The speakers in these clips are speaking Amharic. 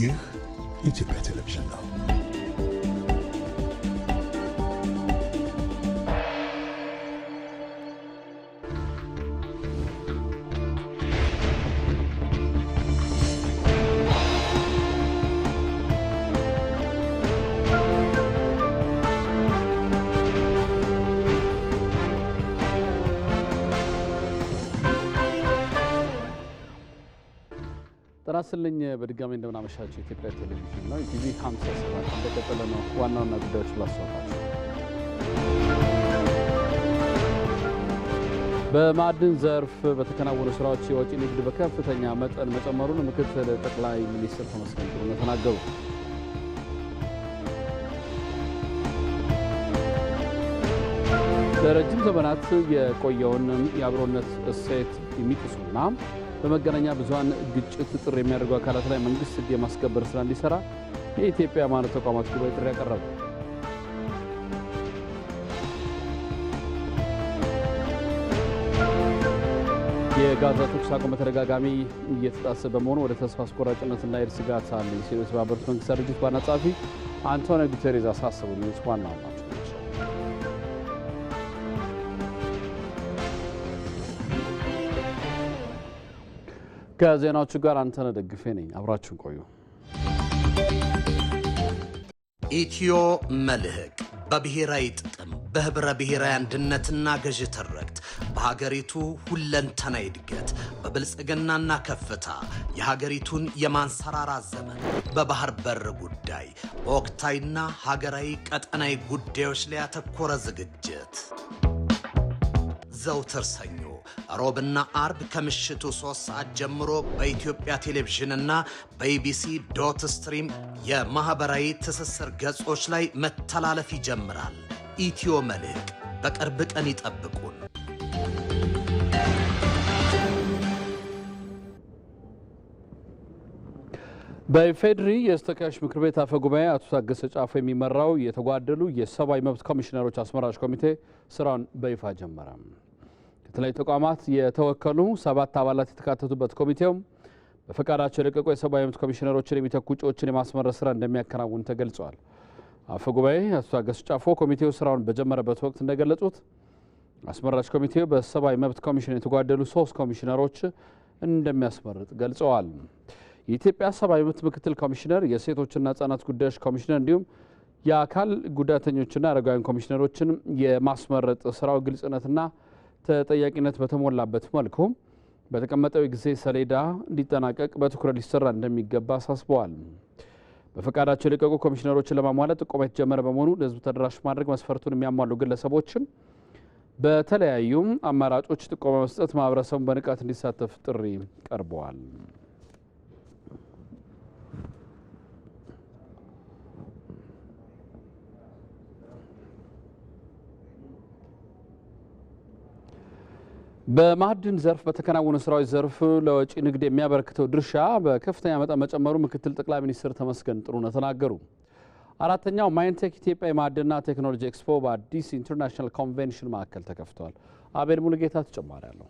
ይህ የኢትዮጵያ ቴሌቪዥን ነው። ጥራስልኝ በድጋሚ እንደምናመሻቸው ኢትዮጵያ ቴሌቪዥን ነው። ኢቲቪ 57 እንደቀጠለ ነው። ዋና ዋና ጉዳዮች ላስታውቃችሁ። በማዕድን ዘርፍ በተከናወኑ ስራዎች የወጪ ንግድ በከፍተኛ መጠን መጨመሩን ምክትል ጠቅላይ ሚኒስትር ተመስገን ጥሩነህ ተናገሩ። ለረጅም ዘመናት የቆየውን የአብሮነት እሴት የሚጥሱና በመገናኛ ብዙሀን ግጭት ጥር የሚያደርጉ አካላት ላይ መንግስት ሕግ የማስከበር ስራ እንዲሰራ የኢትዮጵያ ሃይማኖት ተቋማት ጉባኤ ጥሪ ያቀረቡ የጋዛ ተኩስ አቁም በተደጋጋሚ እየተጣሰ በመሆኑ ወደ ተስፋ አስቆራጭነት እንዳይሄድ ስጋት አለ ሲሉ የተባበሩት መንግስታት ድርጅት ዋና ጸሐፊ አንቶኒዮ ጉተሬዝ አሳሰቡ። ዋና ናቸው። ከዜናዎቹ ጋር አንተነ ደግፌ ነኝ። አብራችሁን ቆዩ። ኢትዮ መልህቅ በብሔራዊ ጥቅም በህብረ ብሔራዊ አንድነትና ገዥ ትርክት በሀገሪቱ ሁለንተና እድገት በብልጽግናና ከፍታ የሀገሪቱን የማንሰራራ ዘመን በባህር በር ጉዳይ በወቅታዊና ሀገራዊ ቀጠናዊ ጉዳዮች ላይ ያተኮረ ዝግጅት ዘውትር ሰኞ ሮብና አርብ ከምሽቱ ሶስት ሰዓት ጀምሮ በኢትዮጵያ ቴሌቪዥንና በኢቢሲ ዶት ስትሪም የማኅበራዊ ትስስር ገጾች ላይ መተላለፍ ይጀምራል። ኢትዮ መልሕቅ በቅርብ ቀን ይጠብቁን። በኢፌዴሪ የተወካዮች ምክር ቤት አፈ ጉባኤ አቶ ታገሰ ጫፎ የሚመራው የተጓደሉ የሰብአዊ መብት ኮሚሽነሮች አስመራጭ ኮሚቴ ስራውን በይፋ ጀመረ። የተለያዩ ተቋማት የተወከሉ ሰባት አባላት የተካተቱበት ኮሚቴው በፈቃዳቸው የለቀቁ የሰብአዊ መብት ኮሚሽነሮችን የሚተኩ እጩዎችን የማስመረጥ ስራ እንደሚያከናውን ተገልጿል። አፈ ጉባኤ አቶ ታገሱ ጫፎ ኮሚቴው ስራውን በጀመረበት ወቅት እንደገለጹት አስመራጭ ኮሚቴው በሰብአዊ መብት ኮሚሽን የተጓደሉ ሶስት ኮሚሽነሮች እንደሚያስመርጥ ገልጸዋል። የኢትዮጵያ ሰብአዊ መብት ምክትል ኮሚሽነር፣ የሴቶችና ህጻናት ጉዳዮች ኮሚሽነር እንዲሁም የአካል ጉዳተኞችና አረጋውያን ኮሚሽነሮችን የማስመረጥ ስራው ግልጽነትና ተጠያቂነት በተሞላበት መልኩ በተቀመጠው የጊዜ ሰሌዳ እንዲጠናቀቅ በትኩረት ሊሰራ እንደሚገባ አሳስበዋል። በፈቃዳቸው የለቀቁ ኮሚሽነሮችን ለማሟላት ጥቆማ የተጀመረ በመሆኑ ለሕዝቡ ተደራሽ ማድረግ መስፈርቱን የሚያሟሉ ግለሰቦችን በተለያዩ አማራጮች ጥቆማ መስጠት ማህበረሰቡን በንቃት እንዲሳተፍ ጥሪ ቀርበዋል። በማዕድን ዘርፍ በተከናወኑ ስራዎች ዘርፍ ለወጪ ንግድ የሚያበረክተው ድርሻ በከፍተኛ መጠን መጨመሩ ምክትል ጠቅላይ ሚኒስትር ተመስገን ጥሩነህ ተናገሩ። አራተኛው ማይንቴክ ኢትዮጵያ የማዕድንና ቴክኖሎጂ ኤክስፖ በአዲስ ኢንተርናሽናል ኮንቬንሽን ማዕከል ተከፍቷል። አቤል ሙሉጌታ ተጨማሪ አለው።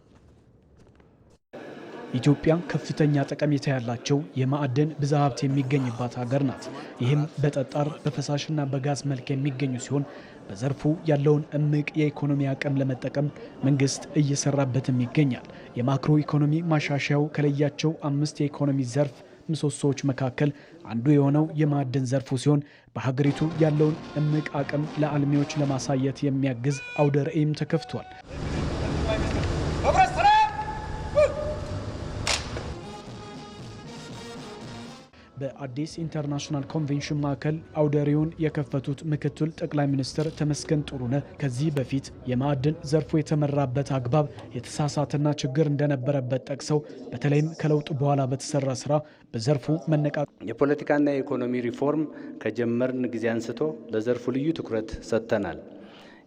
ኢትዮጵያ ከፍተኛ ጠቀሜታ ያላቸው የማዕድን ብዝሃ ሀብት የሚገኝባት ሀገር ናት። ይህም በጠጣር በፈሳሽና በጋዝ መልክ የሚገኙ ሲሆን በዘርፉ ያለውን እምቅ የኢኮኖሚ አቅም ለመጠቀም መንግስት እየሰራበትም ይገኛል። የማክሮ ኢኮኖሚ ማሻሻያው ከለያቸው አምስት የኢኮኖሚ ዘርፍ ምሰሶዎች መካከል አንዱ የሆነው የማዕድን ዘርፉ ሲሆን በሀገሪቱ ያለውን እምቅ አቅም ለአልሚዎች ለማሳየት የሚያግዝ አውደ ርዕይም ተከፍቷል። በአዲስ ኢንተርናሽናል ኮንቬንሽን ማዕከል አውደሪውን የከፈቱት ምክትል ጠቅላይ ሚኒስትር ተመስገን ጥሩነህ ከዚህ በፊት የማዕድን ዘርፉ የተመራበት አግባብ የተሳሳተና ችግር እንደነበረበት ጠቅሰው በተለይም ከለውጥ በኋላ በተሰራ ስራ በዘርፉ መነቃ የፖለቲካና የኢኮኖሚ ሪፎርም ከጀመርን ጊዜ አንስቶ ለዘርፉ ልዩ ትኩረት ሰጥተናል።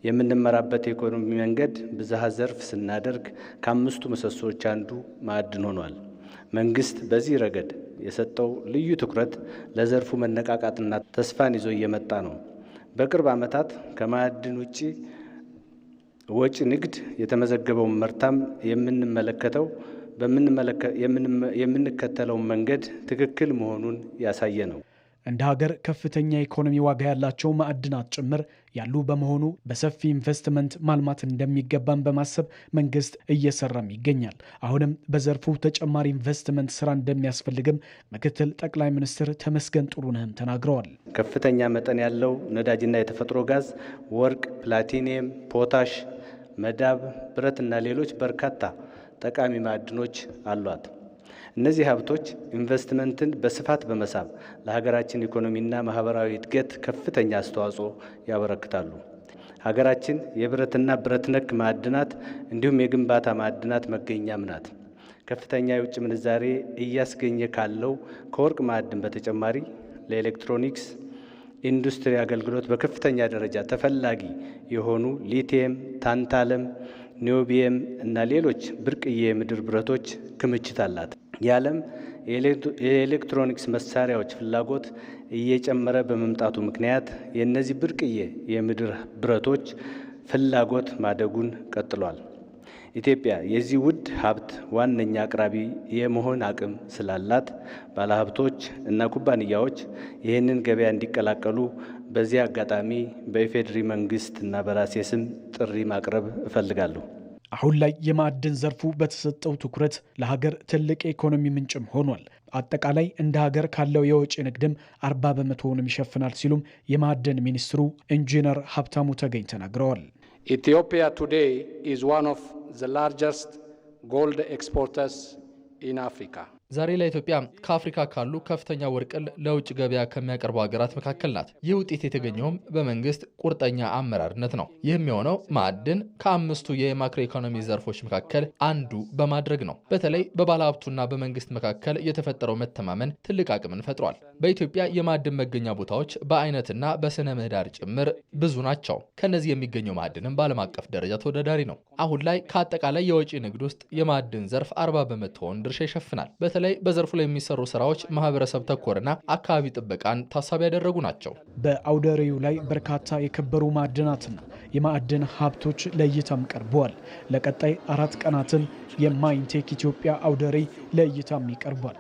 የምንመራበት የኢኮኖሚ መንገድ ብዝሃ ዘርፍ ስናደርግ ከአምስቱ ምሰሶዎች አንዱ ማዕድን ሆኗል። መንግስት በዚህ ረገድ የሰጠው ልዩ ትኩረት ለዘርፉ መነቃቃትና ተስፋን ይዞ እየመጣ ነው። በቅርብ ዓመታት ከማዕድን ውጪ ወጪ ንግድ የተመዘገበውን መርታም የምንመለከተው የምንከተለውን መንገድ ትክክል መሆኑን ያሳየ ነው። እንደ ሀገር ከፍተኛ የኢኮኖሚ ዋጋ ያላቸው ማዕድናት ጭምር ያሉ በመሆኑ በሰፊ ኢንቨስትመንት ማልማት እንደሚገባን በማሰብ መንግስት እየሰራም ይገኛል። አሁንም በዘርፉ ተጨማሪ ኢንቨስትመንት ስራ እንደሚያስፈልግም ምክትል ጠቅላይ ሚኒስትር ተመስገን ጥሩነህም ተናግረዋል። ከፍተኛ መጠን ያለው ነዳጅና የተፈጥሮ ጋዝ፣ ወርቅ፣ ፕላቲኒየም፣ ፖታሽ፣ መዳብ፣ ብረትና ሌሎች በርካታ ጠቃሚ ማዕድኖች አሏት። እነዚህ ሀብቶች ኢንቨስትመንትን በስፋት በመሳብ ለሀገራችን ኢኮኖሚና ማህበራዊ እድገት ከፍተኛ አስተዋጽኦ ያበረክታሉ። ሀገራችን የብረትና ብረት ነክ ማዕድናት እንዲሁም የግንባታ ማዕድናት መገኛም ናት። ከፍተኛ የውጭ ምንዛሬ እያስገኘ ካለው ከወርቅ ማዕድን በተጨማሪ ለኤሌክትሮኒክስ ኢንዱስትሪ አገልግሎት በከፍተኛ ደረጃ ተፈላጊ የሆኑ ሊቲየም፣ ታንታለም፣ ኒዮቢየም እና ሌሎች ብርቅዬ የምድር ብረቶች ክምችት አላት። የዓለም የኤሌክትሮኒክስ መሳሪያዎች ፍላጎት እየጨመረ በመምጣቱ ምክንያት የእነዚህ ብርቅዬ የምድር ብረቶች ፍላጎት ማደጉን ቀጥሏል። ኢትዮጵያ የዚህ ውድ ሀብት ዋነኛ አቅራቢ የመሆን አቅም ስላላት ባለሀብቶች እና ኩባንያዎች ይህንን ገበያ እንዲቀላቀሉ በዚህ አጋጣሚ በኢፌዴሪ መንግስት እና በራሴ ስም ጥሪ ማቅረብ እፈልጋለሁ። አሁን ላይ የማዕድን ዘርፉ በተሰጠው ትኩረት ለሀገር ትልቅ የኢኮኖሚ ምንጭም ሆኗል። አጠቃላይ እንደ ሀገር ካለው የወጪ ንግድም አርባ በመቶውንም ይሸፍናል ሲሉም የማዕድን ሚኒስትሩ ኢንጂነር ሀብታሙ ተገኝ ተናግረዋል። ኢትዮጵያ ቱዴይ ኢዝ ዋን ኦፍ ዘ ላርጀስት ጎልድ ኤክስፖርተርስ ኢን አፍሪካ ዛሬ ላይ ኢትዮጵያ ከአፍሪካ ካሉ ከፍተኛ ወርቅን ለውጭ ገበያ ከሚያቀርቡ ሀገራት መካከል ናት። ይህ ውጤት የተገኘውም በመንግስት ቁርጠኛ አመራርነት ነው። ይህም የሆነው ማዕድን ከአምስቱ የማክሮ ኢኮኖሚ ዘርፎች መካከል አንዱ በማድረግ ነው። በተለይ በባለሀብቱና በመንግስት መካከል የተፈጠረው መተማመን ትልቅ አቅምን ፈጥሯል። በኢትዮጵያ የማዕድን መገኛ ቦታዎች በአይነትና በስነ ምህዳር ጭምር ብዙ ናቸው። ከእነዚህ የሚገኘው ማዕድንም በዓለም አቀፍ ደረጃ ተወዳዳሪ ነው። አሁን ላይ ከአጠቃላይ የወጪ ንግድ ውስጥ የማዕድን ዘርፍ አርባ በመቶውን ድርሻ ይሸፍናል። በተለይ በዘርፉ ላይ የሚሰሩ ስራዎች ማህበረሰብ ተኮርና አካባቢ ጥበቃን ታሳቢ ያደረጉ ናቸው። በአውደ ርዕዩ ላይ በርካታ የከበሩ ማዕድናትና የማዕድን ሀብቶች ለእይታም ቀርበዋል። ለቀጣይ አራት ቀናትም የማይንቴክ ኢትዮጵያ አውደ ርዕይ ለእይታም ይቀርቧል።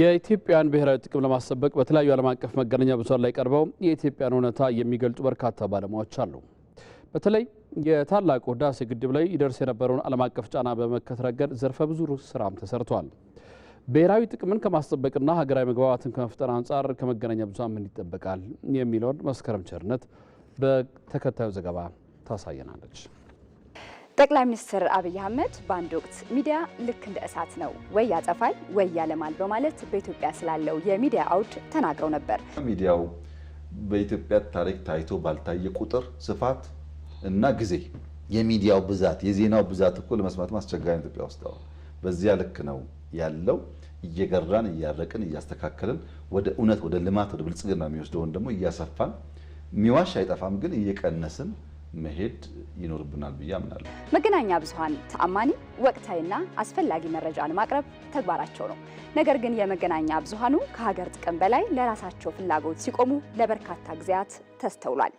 የኢትዮጵያን ብሔራዊ ጥቅም ለማስጠበቅ በተለያዩ ዓለም አቀፍ መገናኛ ብዙኃን ላይ ቀርበው የኢትዮጵያን እውነታ የሚገልጹ በርካታ ባለሙያዎች አሉ። በተለይ የታላቁ ህዳሴ ግድብ ላይ ይደርስ የነበረውን ዓለም አቀፍ ጫና በመመከት ረገድ ዘርፈ ብዙ ስራም ተሰርቷል። ብሔራዊ ጥቅምን ከማስጠበቅና ሀገራዊ መግባባትን ከመፍጠር አንጻር ከመገናኛ ብዙሃን ምን ይጠበቃል የሚለውን መስከረም ቸርነት በተከታዩ ዘገባ ታሳየናለች። ጠቅላይ ሚኒስትር አብይ አህመድ በአንድ ወቅት ሚዲያ ልክ እንደ እሳት ነው፣ ወይ ያጠፋል ወይ ያለማል በማለት በኢትዮጵያ ስላለው የሚዲያ አውድ ተናግረው ነበር። ሚዲያው በኢትዮጵያ ታሪክ ታይቶ ባልታየ ቁጥር ስፋት እና ጊዜ የሚዲያው ብዛት የዜናው ብዛት እኮ ለመስማት አስቸጋሪ ኢትዮጵያ ውስጥ አሁን። በዚያ ልክ ነው ያለው። እየገራን እያረቅን እያስተካከልን ወደ እውነት ወደ ልማት ወደ ብልጽግና የሚወስደውን ደግሞ እያሰፋን ሚዋሽ አይጠፋም፣ ግን እየቀነስን መሄድ ይኖርብናል ብዬ አምናለሁ። መገናኛ ብዙኃን ተአማኒ ወቅታዊና አስፈላጊ መረጃን ማቅረብ ተግባራቸው ነው። ነገር ግን የመገናኛ ብዙኃኑ ከሀገር ጥቅም በላይ ለራሳቸው ፍላጎት ሲቆሙ ለበርካታ ጊዜያት ተስተውሏል።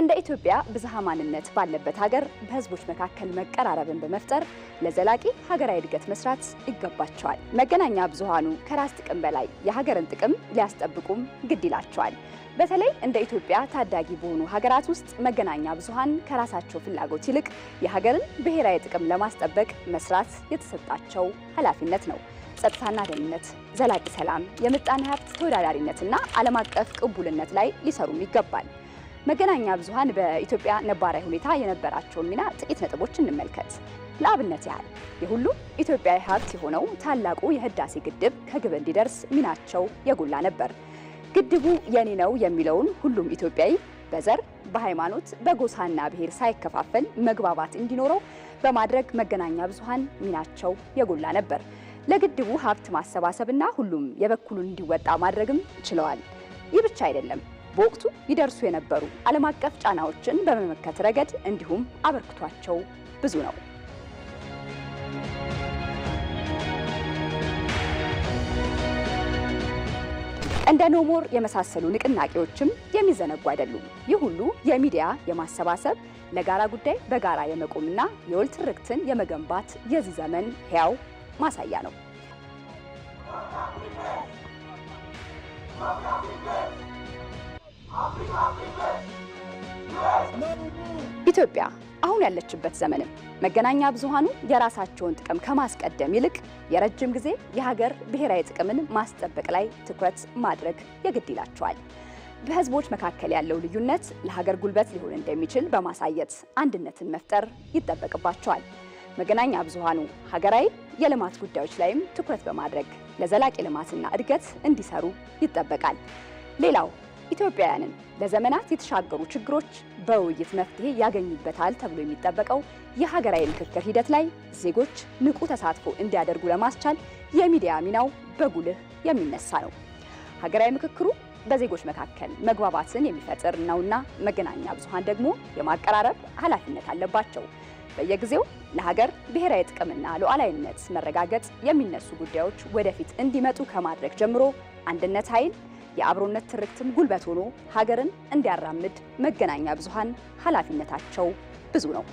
እንደ ኢትዮጵያ ብዝሃ ማንነት ባለበት ሀገር በህዝቦች መካከል መቀራረብን በመፍጠር ለዘላቂ ሀገራዊ እድገት መስራት ይገባቸዋል። መገናኛ ብዙሃኑ ከራስ ጥቅም በላይ የሀገርን ጥቅም ሊያስጠብቁም ግድ ይላቸዋል። በተለይ እንደ ኢትዮጵያ ታዳጊ በሆኑ ሀገራት ውስጥ መገናኛ ብዙሃን ከራሳቸው ፍላጎት ይልቅ የሀገርን ብሔራዊ ጥቅም ለማስጠበቅ መስራት የተሰጣቸው ኃላፊነት ነው። ጸጥታና ደህንነት፣ ዘላቂ ሰላም፣ የምጣኔ ሀብት ተወዳዳሪነትና ዓለም አቀፍ ቅቡልነት ላይ ሊሰሩም ይገባል። መገናኛ ብዙሃን በኢትዮጵያ ነባራዊ ሁኔታ የነበራቸውን ሚና ጥቂት ነጥቦች እንመልከት። ለአብነት ያህል የሁሉም ኢትዮጵያዊ ሀብት የሆነው ታላቁ የህዳሴ ግድብ ከግብ እንዲደርስ ሚናቸው የጎላ ነበር። ግድቡ የኔ ነው የሚለውን ሁሉም ኢትዮጵያዊ በዘር፣ በሃይማኖት፣ በጎሳና ብሔር ሳይከፋፈል መግባባት እንዲኖረው በማድረግ መገናኛ ብዙሃን ሚናቸው የጎላ ነበር። ለግድቡ ሀብት ማሰባሰብና ሁሉም የበኩሉን እንዲወጣ ማድረግም ችለዋል። ይህ ብቻ አይደለም። በወቅቱ ይደርሱ የነበሩ ዓለም አቀፍ ጫናዎችን በመመከት ረገድ እንዲሁም አበርክቷቸው ብዙ ነው። እንደ ኖሞር የመሳሰሉ ንቅናቄዎችም የሚዘነጉ አይደሉም። ይህ ሁሉ የሚዲያ የማሰባሰብ ለጋራ ጉዳይ በጋራ የመቆምና የወል ትርክትን የመገንባት የዚህ ዘመን ሕያው ማሳያ ነው። ኢትዮጵያ አሁን ያለችበት ዘመንም መገናኛ ብዙሃኑ የራሳቸውን ጥቅም ከማስቀደም ይልቅ የረጅም ጊዜ የሀገር ብሔራዊ ጥቅምን ማስጠበቅ ላይ ትኩረት ማድረግ የግድ ይላቸዋል። በህዝቦች መካከል ያለው ልዩነት ለሀገር ጉልበት ሊሆን እንደሚችል በማሳየት አንድነትን መፍጠር ይጠበቅባቸዋል። መገናኛ ብዙሃኑ ሀገራዊ የልማት ጉዳዮች ላይም ትኩረት በማድረግ ለዘላቂ ልማትና እድገት እንዲሰሩ ይጠበቃል። ሌላው ኢትዮጵያውያንን ለዘመናት የተሻገሩ ችግሮች በውይይት መፍትሄ ያገኙበታል ተብሎ የሚጠበቀው የሀገራዊ ምክክር ሂደት ላይ ዜጎች ንቁ ተሳትፎ እንዲያደርጉ ለማስቻል የሚዲያ ሚናው በጉልህ የሚነሳ ነው። ሀገራዊ ምክክሩ በዜጎች መካከል መግባባትን የሚፈጥር ነውና መገናኛ ብዙሃን ደግሞ የማቀራረብ ኃላፊነት አለባቸው። በየጊዜው ለሀገር ብሔራዊ ጥቅምና ሉዓላዊነት መረጋገጥ የሚነሱ ጉዳዮች ወደፊት እንዲመጡ ከማድረግ ጀምሮ አንድነት ኃይል የአብሮነት ትርክትም ጉልበት ሆኖ ሀገርን እንዲያራምድ መገናኛ ብዙሃን ኃላፊነታቸው ብዙ ነው።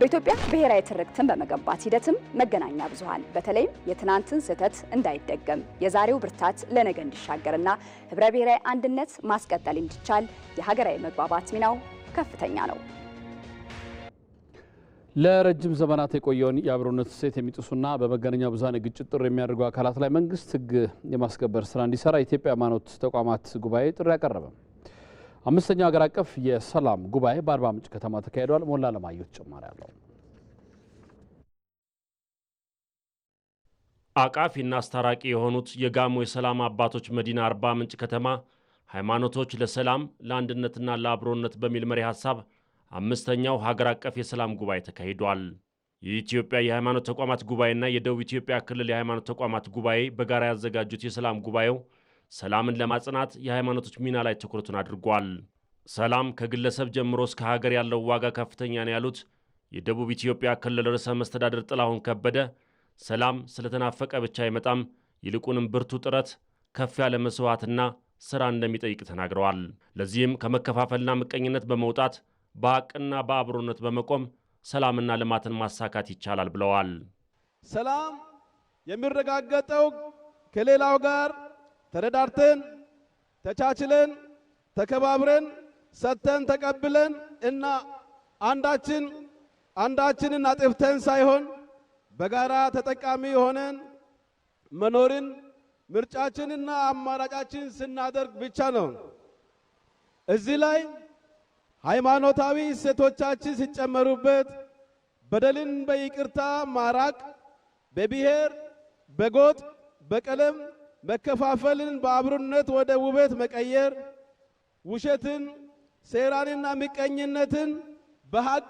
በኢትዮጵያ ብሔራዊ ትርክትን በመገንባት ሂደትም መገናኛ ብዙሃን በተለይም የትናንትን ስህተት እንዳይደገም የዛሬው ብርታት ለነገ እንዲሻገርና ህብረ ብሔራዊ አንድነት ማስቀጠል እንዲቻል የሀገራዊ መግባባት ሚናው ከፍተኛ ነው። ለረጅም ዘመናት የቆየውን የአብሮነት እሴት የሚጥሱና በመገናኛ ብዙኃን የግጭት ጥሪ የሚያደርጉ አካላት ላይ መንግስት ህግ የማስከበር ስራ እንዲሰራ የኢትዮጵያ ሃይማኖት ተቋማት ጉባኤ ጥሪ አቀረበ። አምስተኛው ሀገር አቀፍ የሰላም ጉባኤ በአርባ ምንጭ ከተማ ተካሂዷል። ሞላ ለማየት ጭማሪ አለው። አቃፊና አስታራቂ የሆኑት የጋሞ የሰላም አባቶች መዲና አርባ ምንጭ ከተማ ሃይማኖቶች ለሰላም ለአንድነትና ለአብሮነት በሚል መሪ ሀሳብ አምስተኛው ሀገር አቀፍ የሰላም ጉባኤ ተካሂዷል። የኢትዮጵያ የሃይማኖት ተቋማት ጉባኤና የደቡብ ኢትዮጵያ ክልል የሃይማኖት ተቋማት ጉባኤ በጋራ ያዘጋጁት የሰላም ጉባኤው ሰላምን ለማጽናት የሃይማኖቶች ሚና ላይ ትኩረቱን አድርጓል። ሰላም ከግለሰብ ጀምሮ እስከ ሀገር ያለው ዋጋ ከፍተኛ ነው ያሉት የደቡብ ኢትዮጵያ ክልል ርዕሰ መስተዳደር ጥላሁን ከበደ ሰላም ስለተናፈቀ ብቻ አይመጣም፣ ይልቁንም ብርቱ ጥረት፣ ከፍ ያለ መስዋዕትና ስራ እንደሚጠይቅ ተናግረዋል። ለዚህም ከመከፋፈልና ምቀኝነት በመውጣት በአቅና በአብሮነት በመቆም ሰላምና ልማትን ማሳካት ይቻላል ብለዋል። ሰላም የሚረጋገጠው ከሌላው ጋር ተረዳርተን፣ ተቻችለን፣ ተከባብረን፣ ሰጥተን ተቀብለን እና አንዳችን አንዳችንን አጥፍተን ሳይሆን በጋራ ተጠቃሚ ሆነን መኖርን ምርጫችንና አማራጫችን ስናደርግ ብቻ ነው። እዚህ ላይ ሃይማኖታዊ እሴቶቻችን ሲጨመሩበት በደልን በይቅርታ ማራቅ፣ በብሔር በጎጥ በቀለም መከፋፈልን በአብሮነት ወደ ውበት መቀየር፣ ውሸትን ሴራንና ምቀኝነትን በሀቅ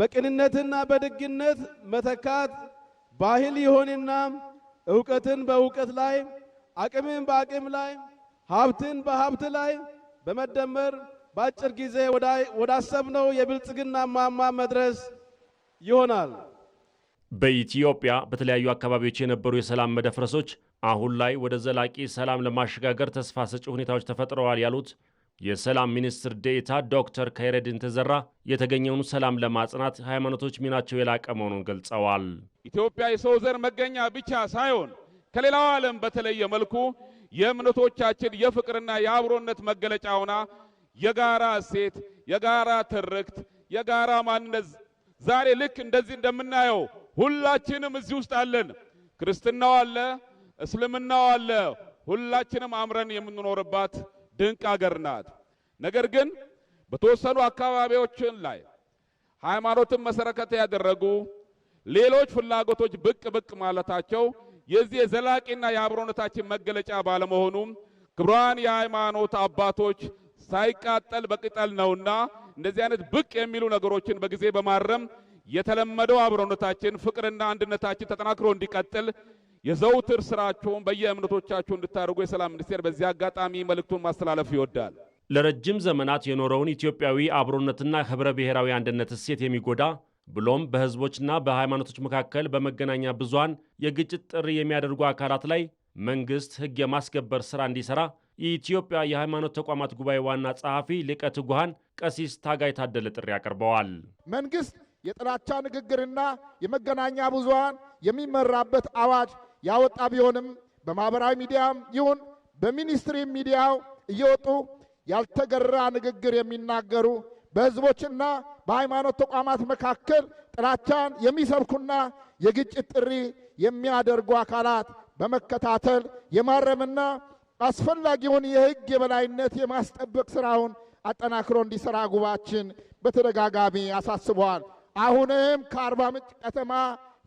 በቅንነትና በድግነት መተካት ባህል ይሆንና እውቀትን በእውቀት ላይ አቅምን በአቅም ላይ ሀብትን በሀብት ላይ በመደመር በአጭር ጊዜ ወዳሰብነው የብልጽግና ማማ መድረስ ይሆናል። በኢትዮጵያ በተለያዩ አካባቢዎች የነበሩ የሰላም መደፍረሶች አሁን ላይ ወደ ዘላቂ ሰላም ለማሸጋገር ተስፋ ሰጪ ሁኔታዎች ተፈጥረዋል ያሉት የሰላም ሚኒስትር ዴኤታ ዶክተር ከይረዲን ተዘራ የተገኘውን ሰላም ለማጽናት ሃይማኖቶች ሚናቸው የላቀ መሆኑን ገልጸዋል። ኢትዮጵያ የሰው ዘር መገኛ ብቻ ሳይሆን ከሌላው ዓለም በተለየ መልኩ የእምነቶቻችን የፍቅርና የአብሮነት መገለጫ ሆና የጋራ እሴት፣ የጋራ ትርክት፣ የጋራ ማንነት ዛሬ ልክ እንደዚህ እንደምናየው ሁላችንም እዚህ ውስጥ አለን። ክርስትናው አለ፣ እስልምናው አለ። ሁላችንም አምረን የምንኖርባት ድንቅ አገር ናት። ነገር ግን በተወሰኑ አካባቢዎችን ላይ ሃይማኖትን መሰረከት ያደረጉ ሌሎች ፍላጎቶች ብቅ ብቅ ማለታቸው የዚህ የዘላቂና የአብሮነታችን መገለጫ ባለመሆኑም ክቡራን የሃይማኖት አባቶች ሳይቃጠል በቅጠል ነውና እንደዚህ አይነት ብቅ የሚሉ ነገሮችን በጊዜ በማረም የተለመደው አብሮነታችን ፍቅርና አንድነታችን ተጠናክሮ እንዲቀጥል የዘውትር ስራቸውን በየእምነቶቻቸው እንድታደርጉ የሰላም ሚኒስቴር በዚህ አጋጣሚ መልእክቱን ማስተላለፍ ይወዳል። ለረጅም ዘመናት የኖረውን ኢትዮጵያዊ አብሮነትና ህብረ ብሔራዊ አንድነት እሴት የሚጎዳ ብሎም በህዝቦችና በሃይማኖቶች መካከል በመገናኛ ብዙሃን የግጭት ጥሪ የሚያደርጉ አካላት ላይ መንግሥት ሕግ የማስከበር ሥራ እንዲሠራ የኢትዮጵያ የሃይማኖት ተቋማት ጉባኤ ዋና ጸሐፊ ሊቀ ትጉሃን ቀሲስ ታጋይ ታደለ ጥሪ አቅርበዋል። መንግሥት የጥላቻ ንግግርና የመገናኛ ብዙሃን የሚመራበት አዋጅ ያወጣ ቢሆንም በማኅበራዊ ሚዲያም ይሁን በሚኒስትሪ ሚዲያው እየወጡ ያልተገራ ንግግር የሚናገሩ በሕዝቦችና በሃይማኖት ተቋማት መካከል ጥላቻን የሚሰብኩና የግጭት ጥሪ የሚያደርጉ አካላት በመከታተል የማረምና አስፈላጊውን የሕግ የበላይነት የማስጠበቅ ስራውን አጠናክሮ እንዲሰራ ጉባችን በተደጋጋሚ ያሳስበዋል። አሁንም ከአርባ ምንጭ ከተማ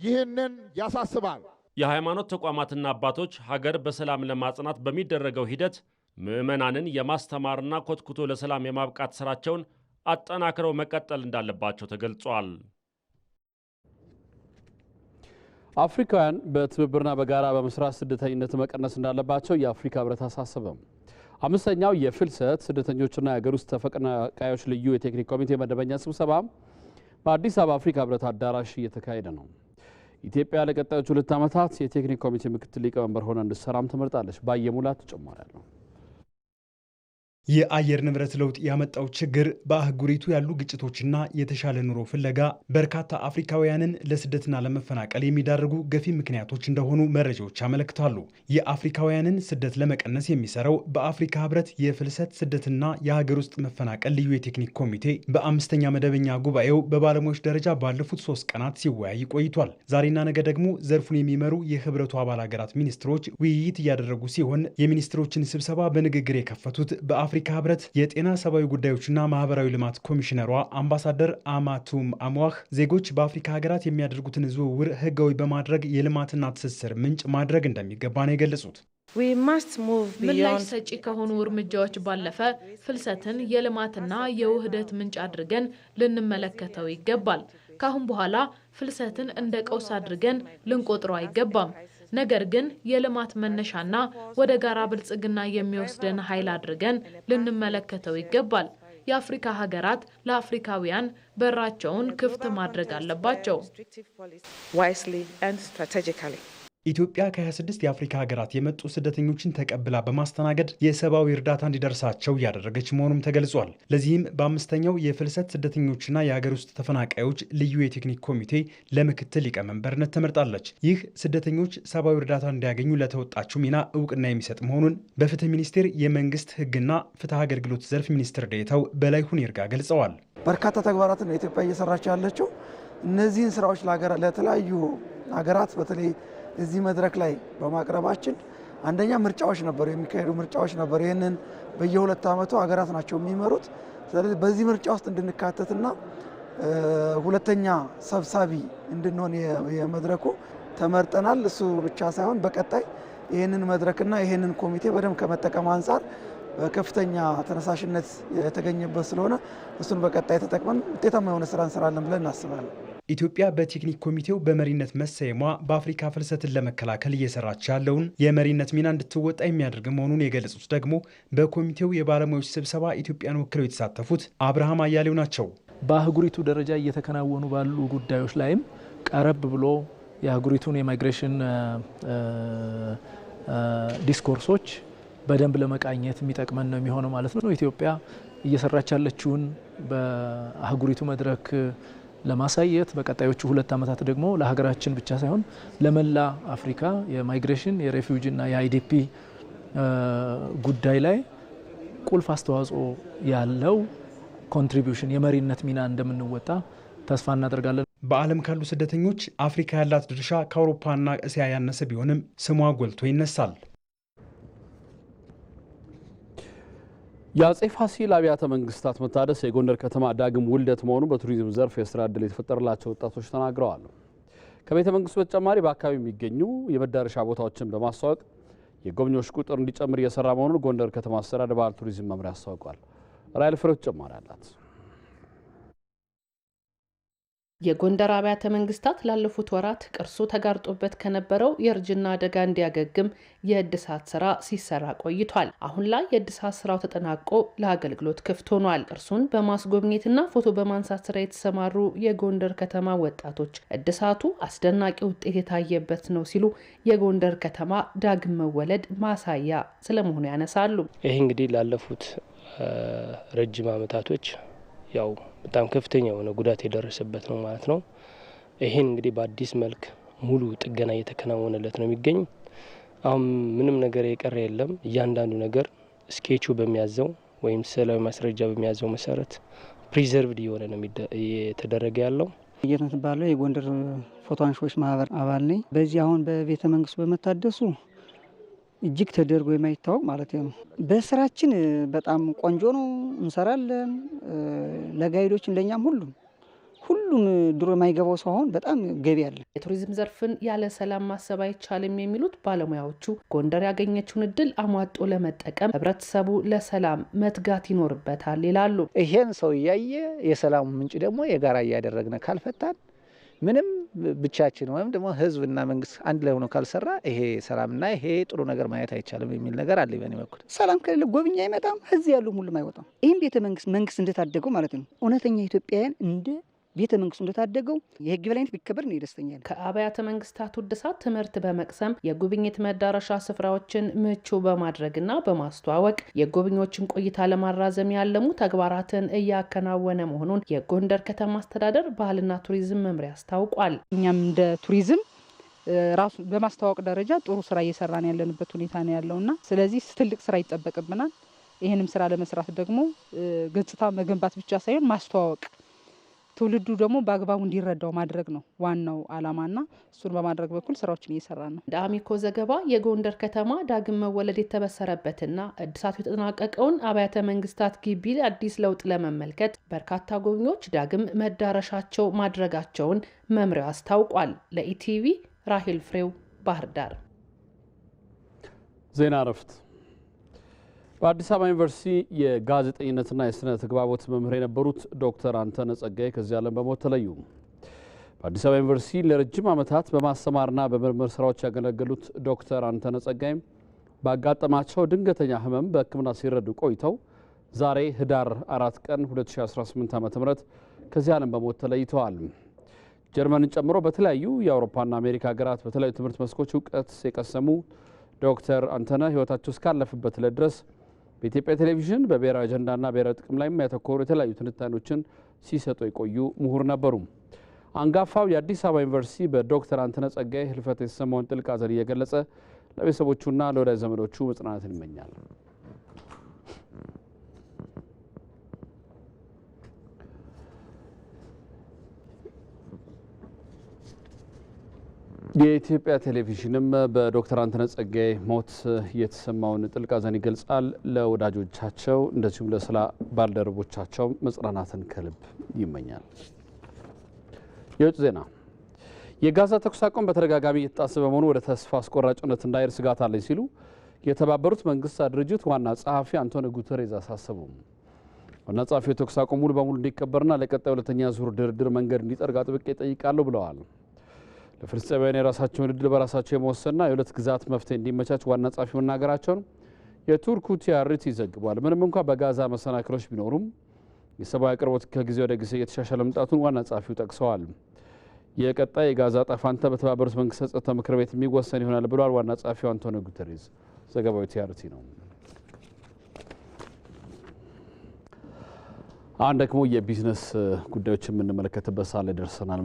ይህንን ያሳስባል። የሃይማኖት ተቋማትና አባቶች ሀገር በሰላም ለማጽናት በሚደረገው ሂደት ምዕመናንን የማስተማርና ኮትኩቶ ለሰላም የማብቃት ስራቸውን አጠናክረው መቀጠል እንዳለባቸው ተገልጿል። አፍሪካውያን በትብብርና በጋራ በመስራት ስደተኝነት መቀነስ እንዳለባቸው የአፍሪካ ህብረት አሳሰበም። አምስተኛው የፍልሰት ስደተኞችና የሀገር ውስጥ ተፈናቃዮች ልዩ የቴክኒክ ኮሚቴ መደበኛ ስብሰባ በአዲስ አበባ አፍሪካ ህብረት አዳራሽ እየተካሄደ ነው። ኢትዮጵያ ለቀጣዮች ሁለት ዓመታት የቴክኒክ ኮሚቴ ምክትል ሊቀመንበር ሆነ እንድሰራም ትመርጣለች ባየሙላት ተጨማሪ ያለው የአየር ንብረት ለውጥ ያመጣው ችግር በአህጉሪቱ ያሉ ግጭቶችና የተሻለ ኑሮ ፍለጋ በርካታ አፍሪካውያንን ለስደትና ለመፈናቀል የሚዳርጉ ገፊ ምክንያቶች እንደሆኑ መረጃዎች ያመለክታሉ። የአፍሪካውያንን ስደት ለመቀነስ የሚሰራው በአፍሪካ ህብረት የፍልሰት ስደትና የሀገር ውስጥ መፈናቀል ልዩ የቴክኒክ ኮሚቴ በአምስተኛ መደበኛ ጉባኤው በባለሙያዎች ደረጃ ባለፉት ሶስት ቀናት ሲወያይ ቆይቷል። ዛሬና ነገ ደግሞ ዘርፉን የሚመሩ የህብረቱ አባል ሀገራት ሚኒስትሮች ውይይት እያደረጉ ሲሆን የሚኒስትሮችን ስብሰባ በንግግር የከፈቱት በአ የአፍሪካ ህብረት የጤና ሰብአዊ ጉዳዮችና ማህበራዊ ልማት ኮሚሽነሯ አምባሳደር አማቱም አሟህ ዜጎች በአፍሪካ ሀገራት የሚያደርጉትን ዝውውር ህጋዊ በማድረግ የልማትና ትስስር ምንጭ ማድረግ እንደሚገባ ነው የገለጹት። ምላሽ ሰጪ ከሆኑ እርምጃዎች ባለፈ ፍልሰትን የልማትና የውህደት ምንጭ አድርገን ልንመለከተው ይገባል። ካሁን በኋላ ፍልሰትን እንደ ቀውስ አድርገን ልንቆጥረው አይገባም። ነገር ግን የልማት መነሻና ወደ ጋራ ብልጽግና የሚወስደን ኃይል አድርገን ልንመለከተው ይገባል። የአፍሪካ ሀገራት ለአፍሪካውያን በራቸውን ክፍት ማድረግ አለባቸው። ኢትዮጵያ ከ26 የአፍሪካ ሀገራት የመጡ ስደተኞችን ተቀብላ በማስተናገድ የሰብአዊ እርዳታ እንዲደርሳቸው እያደረገች መሆኑም ተገልጿል። ለዚህም በአምስተኛው የፍልሰት ስደተኞችና የሀገር ውስጥ ተፈናቃዮች ልዩ የቴክኒክ ኮሚቴ ለምክትል ሊቀመንበርነት ተመርጣለች። ይህ ስደተኞች ሰብአዊ እርዳታ እንዲያገኙ ለተወጣችው ሚና እውቅና የሚሰጥ መሆኑን በፍትህ ሚኒስቴር የመንግስት ህግና ፍትህ አገልግሎት ዘርፍ ሚኒስትር ዴኤታው በላይሁን ይርጋ ገልጸዋል። በርካታ ተግባራትን ነው ኢትዮጵያ እየሰራች ያለችው። እነዚህን ስራዎች ለተለያዩ ሀገራት በተለይ እዚህ መድረክ ላይ በማቅረባችን አንደኛ ምርጫዎች ነበሩ፣ የሚካሄዱ ምርጫዎች ነበሩ። ይህንን በየሁለት ዓመቱ ሀገራት ናቸው የሚመሩት። ስለዚህ በዚህ ምርጫ ውስጥ እንድንካተትና ሁለተኛ ሰብሳቢ እንድንሆን የመድረኩ ተመርጠናል። እሱ ብቻ ሳይሆን በቀጣይ ይህንን መድረክና ይህንን ኮሚቴ በደንብ ከመጠቀም አንጻር በከፍተኛ ተነሳሽነት የተገኘበት ስለሆነ እሱን በቀጣይ ተጠቅመን ውጤታማ የሆነ ስራ እንሰራለን ብለን እናስባለን። ኢትዮጵያ በቴክኒክ ኮሚቴው በመሪነት መሰየሟ በአፍሪካ ፍልሰትን ለመከላከል እየሰራች ያለውን የመሪነት ሚና እንድትወጣ የሚያደርግ መሆኑን የገለጹት ደግሞ በኮሚቴው የባለሙያዎች ስብሰባ ኢትዮጵያን ወክለው የተሳተፉት አብርሃም አያሌው ናቸው። በአህጉሪቱ ደረጃ እየተከናወኑ ባሉ ጉዳዮች ላይም ቀረብ ብሎ የአህጉሪቱን የማይግሬሽን ዲስኮርሶች በደንብ ለመቃኘት የሚጠቅመን ነው የሚሆነው ማለት ነው። ኢትዮጵያ እየሰራች ያለችውን በአህጉሪቱ መድረክ ለማሳየት በቀጣዮቹ ሁለት ዓመታት ደግሞ ለሀገራችን ብቻ ሳይሆን ለመላ አፍሪካ የማይግሬሽን የሬፊውጂና የአይዲፒ ጉዳይ ላይ ቁልፍ አስተዋጽኦ ያለው ኮንትሪቢሽን የመሪነት ሚና እንደምንወጣ ተስፋ እናደርጋለን። በዓለም ካሉ ስደተኞች አፍሪካ ያላት ድርሻ ከአውሮፓና እስያ ያነሰ ቢሆንም ስሟ ጎልቶ ይነሳል። የአጼ ፋሲል አብያተ መንግስታት መታደስ የጎንደር ከተማ ዳግም ውልደት መሆኑ በቱሪዝም ዘርፍ የስራ እድል የተፈጠረላቸው ወጣቶች ተናግረዋል። ከቤተ መንግስቱ በተጨማሪ በአካባቢ የሚገኙ የመዳረሻ ቦታዎችን በማስተዋወቅ የጎብኚዎች ቁጥር እንዲጨምር እየሰራ መሆኑን ጎንደር ከተማ አስተዳደር ባህል ቱሪዝም መምሪያ አስታውቋል። ራይል ፍሬው ተጨማሪ አላት። የጎንደር አብያተ መንግስታት ላለፉት ወራት ቅርሱ ተጋርጦበት ከነበረው የእርጅና አደጋ እንዲያገግም የእድሳት ስራ ሲሰራ ቆይቷል። አሁን ላይ የእድሳት ስራው ተጠናቆ ለአገልግሎት ክፍት ሆኗል። ቅርሱን በማስጎብኘትና ፎቶ በማንሳት ስራ የተሰማሩ የጎንደር ከተማ ወጣቶች እድሳቱ አስደናቂ ውጤት የታየበት ነው ሲሉ የጎንደር ከተማ ዳግም መወለድ ማሳያ ስለመሆኑ ያነሳሉ። ይህ እንግዲህ ላለፉት ረጅም አመታቶች ያው በጣም ከፍተኛ የሆነ ጉዳት የደረሰበት ነው ማለት ነው። ይሄን እንግዲህ በአዲስ መልክ ሙሉ ጥገና እየተከናወነለት ነው የሚገኝ። አሁን ምንም ነገር የቀረ የለም። እያንዳንዱ ነገር ስኬቹ በሚያዘው ወይም ስዕላዊ ማስረጃ በሚያዘው መሰረት ፕሪዘርቭድ እየሆነ ነው እየተደረገ ያለው። እየነት ባለው የጎንደር ፎቶ አንሺዎች ማህበር አባል ነኝ። በዚህ አሁን በቤተ መንግስቱ በመታደሱ እጅግ ተደርጎ የማይታወቅ ማለት ነው። በስራችን በጣም ቆንጆ ነው፣ እንሰራለን። ለጋይዶች ለእኛም ሁሉም ሁሉም ድሮ የማይገባው ሰው አሁን በጣም ገቢ አለ። የቱሪዝም ዘርፍን ያለ ሰላም ማሰብ አይቻልም የሚሉት ባለሙያዎቹ ጎንደር ያገኘችውን እድል አሟጦ ለመጠቀም ህብረተሰቡ ለሰላም መትጋት ይኖርበታል ይላሉ። ይሄን ሰው እያየ የሰላሙ ምንጭ ደግሞ የጋራ እያደረግነ ካልፈታን ምንም ብቻችን ወይም ደግሞ ህዝብና መንግስት አንድ ላይ ሆኖ ካልሰራ ይሄ ሰላምና ይሄ ጥሩ ነገር ማየት አይቻልም የሚል ነገር አለ በኔ በኩል። ሰላም ከሌለ ጎብኝ አይመጣም፣ እዚህ ያሉ ሁሉም አይወጣም። ይህም ቤተ መንግስት መንግስት እንደታደገው ማለት ነው እውነተኛ ኢትዮጵያውያን እንደ ቤተ መንግስቱ እንደታደገው የህግ በላይነት ቢከበር ነው ይደስተኛል። ከአብያተ መንግስታት ውድሳት ትምህርት በመቅሰም የጉብኝት መዳረሻ ስፍራዎችን ምቹ በማድረግና በማስተዋወቅ የጎብኚዎችን ቆይታ ለማራዘም ያለሙ ተግባራትን እያከናወነ መሆኑን የጎንደር ከተማ አስተዳደር ባህልና ቱሪዝም መምሪያ አስታውቋል። እኛም እንደ ቱሪዝም ራሱ በማስተዋወቅ ደረጃ ጥሩ ስራ እየሰራን ያለንበት ሁኔታ ነው ያለውና ስለዚህ ትልቅ ስራ ይጠበቅብናል። ይህንም ስራ ለመስራት ደግሞ ገጽታ መገንባት ብቻ ሳይሆን ማስተዋወቅ ትውልዱ ደግሞ በአግባቡ እንዲረዳው ማድረግ ነው ዋናው አላማና እሱን በማድረግ በኩል ስራዎችን እየሰራ ነው። እንደ አሚኮ ዘገባ የጎንደር ከተማ ዳግም መወለድ የተበሰረበትና እድሳቱ የተጠናቀቀውን አብያተ መንግስታት ግቢ አዲስ ለውጥ ለመመልከት በርካታ ጎብኚዎች ዳግም መዳረሻቸው ማድረጋቸውን መምሪያው አስታውቋል። ለኢቲቪ ራሄል ፍሬው ባህር ዳር ዜና እረፍት በአዲስ አበባ ዩኒቨርሲቲ የጋዜጠኝነትና የስነ ተግባቦት መምህር የነበሩት ዶክተር አንተነ ጸጋዬ ከዚህ ዓለም በሞት ተለዩ። በአዲስ አበባ ዩኒቨርሲቲ ለረጅም ዓመታት በማስተማርና በምርምር ስራዎች ያገለገሉት ዶክተር አንተነ ጸጋዬም ባጋጠማቸው ድንገተኛ ህመም በሕክምና ሲረዱ ቆይተው ዛሬ ህዳር አራት ቀን 2018 ዓ ም ከዚህ ዓለም በሞት ተለይተዋል። ጀርመንን ጨምሮ በተለያዩ የአውሮፓና አሜሪካ ሀገራት በተለያዩ ትምህርት መስኮች እውቀት የቀሰሙ ዶክተር አንተነ ህይወታቸው እስካለፍበት ዕለት ድረስ በኢትዮጵያ ቴሌቪዥን በብሔራዊ አጀንዳና ብሔራዊ ጥቅም ላይ የሚያተኮሩ የተለያዩ ትንታኔዎችን ሲሰጡ የቆዩ ምሁር ነበሩ። አንጋፋው የአዲስ አበባ ዩኒቨርሲቲ በዶክተር አንተነህ ጸጋዬ ህልፈት የተሰማውን ጥልቅ ሐዘን እየገለጸ ለቤተሰቦቹና ለወዳጅ ዘመዶቹ መጽናናትን ይመኛል። የኢትዮጵያ ቴሌቪዥንም በዶክተር አንተነህ ጸጋዬ ሞት የተሰማውን ጥልቅ ሐዘን ይገልጻል። ለወዳጆቻቸው እንደዚሁም ለስራ ባልደረቦቻቸው መጽናናትን ከልብ ይመኛል። የውጭ ዜና የጋዛ ተኩስ አቁም በተደጋጋሚ እየተጣሰ በመሆኑ ወደ ተስፋ አስቆራጭነት እንዳይር ስጋት አለኝ ሲሉ የተባበሩት መንግስታት ድርጅት ዋና ጸሐፊ አንቶኒ ጉተሬዝ አሳሰቡ። ዋና ጸሐፊው የተኩስ አቁም ሙሉ በሙሉ እንዲከበርና ለቀጣይ ሁለተኛ ዙር ድርድር መንገድ እንዲጠርግ አጥብቄ ጠይቃለሁ ብለዋል። ለፍልስጤማውያን የራሳቸውን እድል በራሳቸው የመወሰንና የሁለት ግዛት መፍትሄ እንዲመቻች ዋና ጸሐፊ መናገራቸውን የቱርኩ ቲያሪት ይዘግቧል። ምንም እንኳ በጋዛ መሰናክሎች ቢኖሩም የሰብአዊ አቅርቦት ከጊዜ ወደ ጊዜ እየተሻሻለ መምጣቱን ዋና ጸሐፊው ጠቅሰዋል። የቀጣይ የጋዛ ጣፋንታ በተባበሩት መንግስታት ጸጥታ ምክር ቤት የሚወሰን ይሆናል ብሏል ዋና ጸሐፊው አንቶኒ ጉተሬዝ። ዘገባው ቲያርቲ ነው። አሁን ደግሞ የቢዝነስ ጉዳዮች የምንመለከትበት ሰዓት ላይ ደርሰናል።